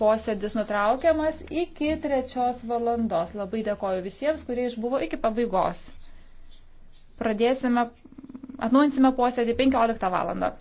posėdis nutraukiamas iki trečios valandos. Labai dėkoju visiems, kurie išbuvo iki pabaigos. Pradėsime, atnaujinsime posėdį 15 valandą.